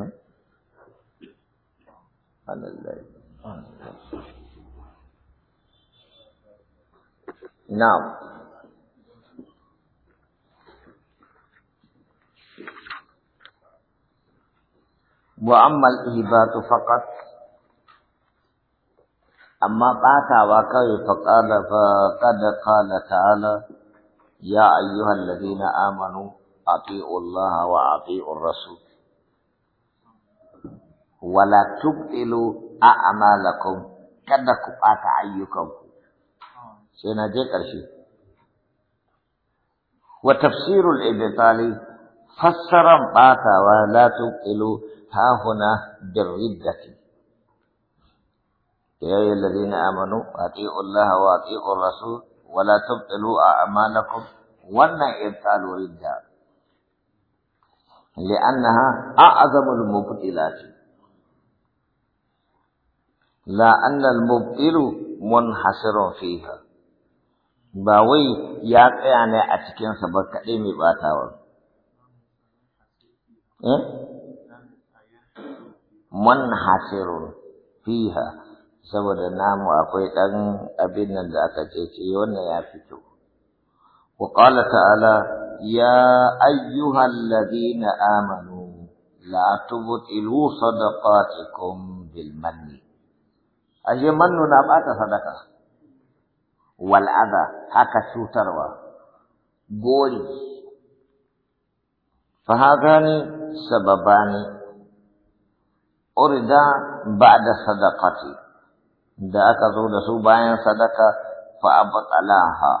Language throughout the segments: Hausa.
على نعم. الليل نعم وأما الإهبات فقط أما بات وكي فقال فقد قال تعالى يا أيها الذين آمنوا أطيعوا الله وأطيعوا الرسول ولا تبطلوا أعمالكم كذا كبات عيكم سينا جي قرشي وتفسير الابطال فسر باتا ولا تبطلوا ها هنا بالردة يا أيها الذين آمنوا أطيعوا الله وأطيعوا الرسول ولا تبطلوا أعمالكم ولا إبطالوا رجال لأنها أعظم المبطلات لا أن المبئل منحصر فيها باوي يعني أنا أتكين سبب كريمي باتاور إيه؟ منحصر فيها سبب نام أقوي كان أبين ذاك تيتيون يا فيتو وقال تعالى يا أيها الذين آمنوا لا تبطلوا صدقاتكم بالمن ashe mannu na bata sadaka wal adha haka cutarwa gori fa hadani sababani urida ba'da sadaqati da aka zo da su bayan sadaka fa abtalaha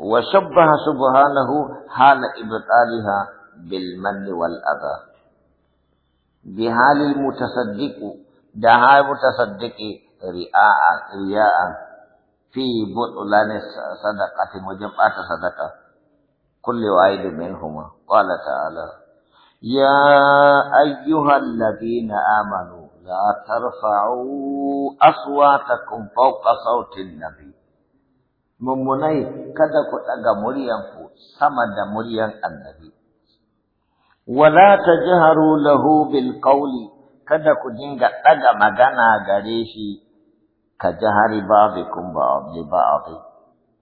wa shabbaha subhanahu hala ibtaliha bil manni wal adha بحال المتصدق دعا المتصدق رياء في بطلان الصدقة مجمعة صدقة كل واحد منهما قال تعالى يا أيها الذين آمنوا لا ترفعوا أصواتكم فوق صوت النبي ممني كذا كنت مريم فو سمد مريم النبي wala tajharu lahu bil qawli kada ku dinga daga magana gare shi ka jahari ba'dikum ba'd li ba'd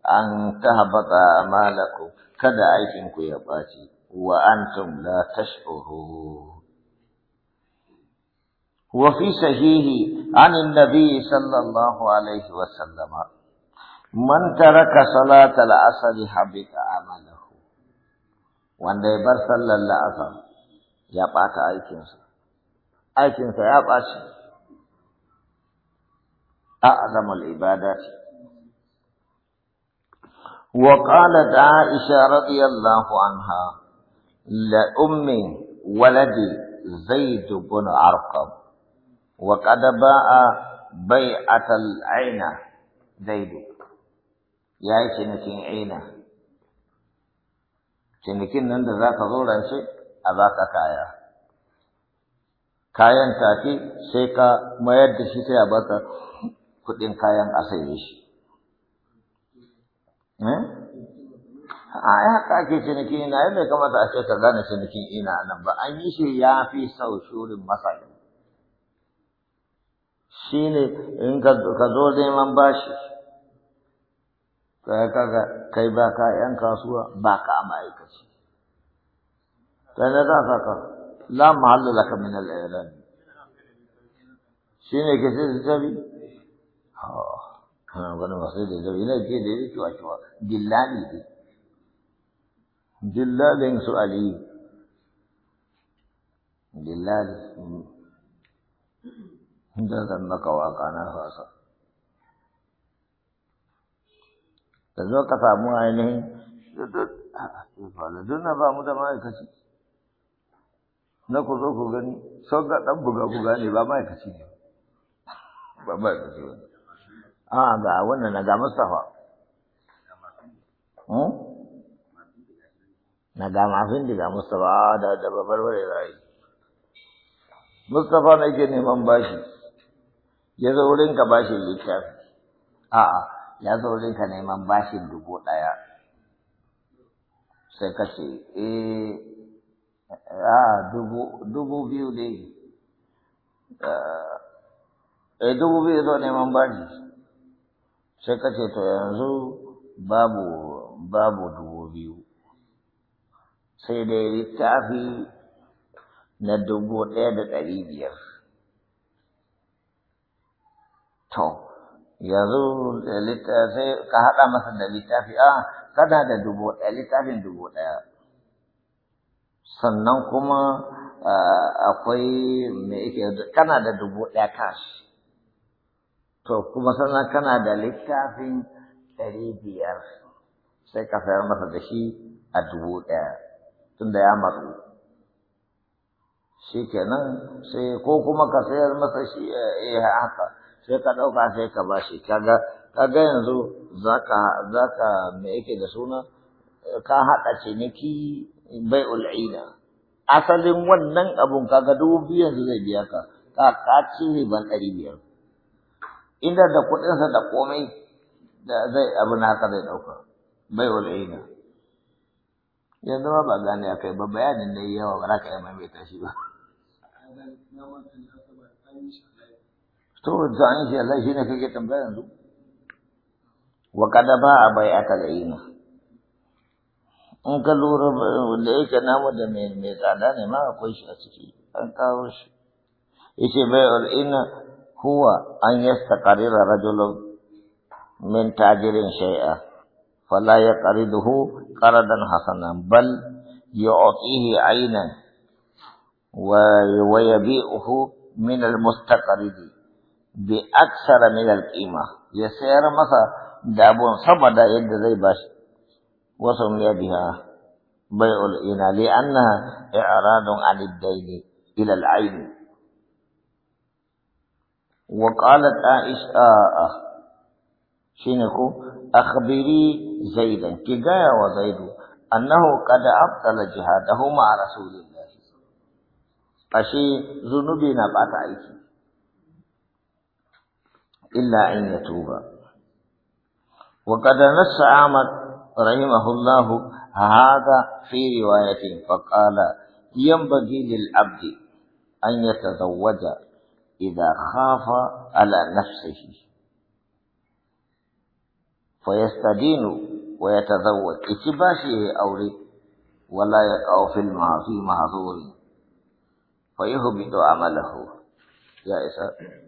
an tahbata amalakum kada aikin ku ya baci wa antum la tash'urun وفي صحيح عن النبي صلى الله عليه وسلم من ترك صلاة العصر حبط wanda ya bar sallar la'asar ya ɓata aikinsa, aikinsa ya ɓace, a azamul ibada ce. Waƙala ƙala da Aisha radiyallahu anha la ummi waladi zai bin arqam wa qad ba'a bai'atal aina zaidu ya yi cinikin aina cinikin nan da za ka zo rance a ba ka kaya kayan tafi sai ka mayar da shi sai a baka kuɗin kayan asali shi hmm? a yi haka ake ciniki na yadda kamata a ce ka gane cinikin ina nan ba an yi shi ya fi sau shurin masali shi ne in ka zo neman bashi sai kaga kai ba ka yan kasuwa ba ka ma'aikaci sai na za ka la mahalla laka min al-i'lan shine ke sai zabi ha kana gani ba sai da zabi ne ke da yi wa cewa dillali ne dillalin su ali dillali da hmm. zan maka waka na fasa da zo ka samu ainihin duk na ba mu da ma'aikaci na ku zo ku gani sau ga ɗan buga-buga ne ba ma'aikaci ne ba ma'aikaci ba a ga wannan na ga mustafa hmm? na ga mafin diga mustafa da da babarbare rai mustafa na ke neman bashi ya zo wurin ka bashi littafi a'a ya zo ka neman bashin dubu ɗaya sai ka ce eh a dubu biyu ne eh, eh dubu biyu zo neman bashi sai ka ce to yanzu babu babu dubu biyu sai dai littafi na dubu ɗaya da ɗari biyar to yanzu sai eh, ka haɗa masa da littafi a ah, kada da dubu ɗaya eh, littafin dubu ɗaya sannan kuma ah, akwai me yake kana da dubu ɗaya cash to kuma sannan kana da littafin ɗari biyar sai ka sayar masa da shi a dubu ɗaya tunda ya matsu shi kenan sai ko kuma ka sayar masa shi ya eh, haka sai ka ɗauka sai ka ba shi kaga kaga yanzu zaka zaka me yake da suna ka haɗa ciniki bai ul'ina asalin wannan abun kaga dubu biyu yanzu zai biya ka ka ka ci riban ɗari biyar inda da kuɗinsa da komai da zai abu naka zai ɗauka bai ul'ina yanzu ma ba gane a kai ba bayanin da yawa ba za ka yi maimaita shi ba تو زعيم سي الله شينا كي كتنبه ينزو وقدبا عبايا كالعين انك لور لئيك نام دمين ميتانان ما قوش اسفي انك روش اسي بيع العين هو ان يستقرر رجل من تاجر شيئا فلا يقرده قردا حسنا بل يعطيه عينا ويبيعه من المستقرين بأكثر من القيمة يسير مسا دابون صمد يد زي باش وسمي بها بيع الإنا لأنها إعراض عن الدين إلى العين وقالت عائشة آه, آه. شنكو أخبري زيدا كجاية وزيد أنه قد أبطل جهاده مع رسول الله أشي ذنوبنا بعد عيشي إلا أن يتوب وقد نص أحمد رحمه الله هذا في رواية فقال ينبغي للعبد أن يتزوج إذا خاف على نفسه فيستدين ويتزوج اتباشي أولي ولا يقع في المعصي معذور فيهبط عمله يا إسحاق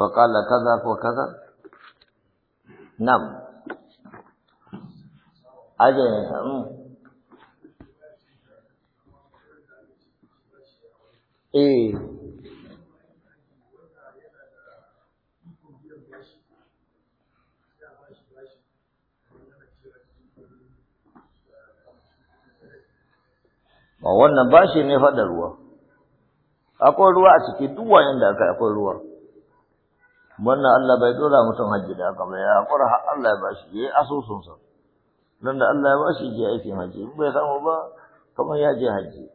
فقال كذا وكذا نعم أجل إيه wannan bashi ne faɗa ruwa akwai ruwa a ciki duk wayan da aka akwai ruwa wannan Allah bai dora mutum hajji da aka bai har Allah ya ba shi ya yi asusunsa don da Allah ya ba shi ya aikin hajji in bai samu ba kamar ya je hajji